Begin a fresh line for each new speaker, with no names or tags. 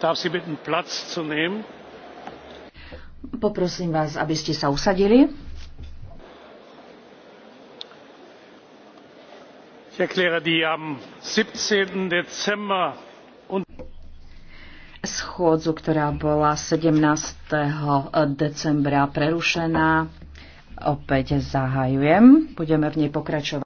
darf Sie bitten, Platz zu nehmen.
Poprosím vás, aby ste sa usadili.
Ich erkläre die am 17. Dezember
schôdzu, ktorá bola 17.
decembra prerušená. Opäť zahajujem. Budeme v nej pokračovať.